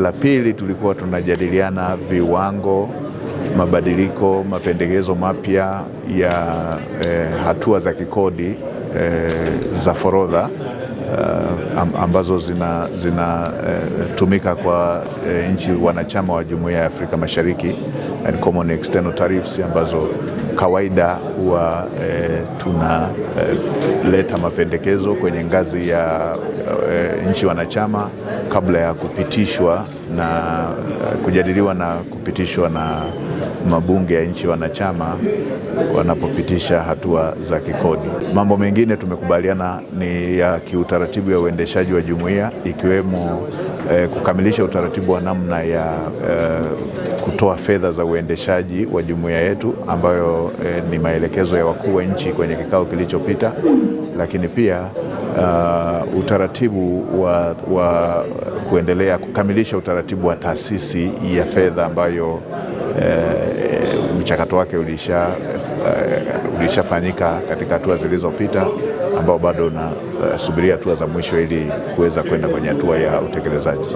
La pili tulikuwa tunajadiliana viwango, mabadiliko, mapendekezo mapya ya eh, hatua za kikodi eh, za forodha eh, ambazo zinatumika zina, eh, kwa eh, nchi wanachama wa Jumuiya ya Afrika Mashariki and Common External Tariffs ambazo kawaida huwa e, eh, tunaleta eh, e, mapendekezo kwenye ngazi ya e, nchi wanachama kabla ya kupitishwa na kujadiliwa na kupitishwa na mabunge ya nchi wanachama wanapopitisha hatua za kikodi. Mambo mengine tumekubaliana ni ya kiutaratibu ya uendeshaji wa jumuiya ikiwemo eh, kukamilisha utaratibu wa namna ya eh, kutoa fedha za uendeshaji wa jumuiya yetu ambayo eh, ni maelekezo ya wakuu wa nchi kwenye kikao kilichopita, lakini pia uh, utaratibu wa, wa kuendelea kukamilisha utaratibu wa taasisi ya fedha ambayo Eh, mchakato wake ulisha eh, ulishafanyika katika hatua zilizopita, ambao bado unasubiria eh, uh, hatua za mwisho ili kuweza kwenda kwenye hatua ya utekelezaji.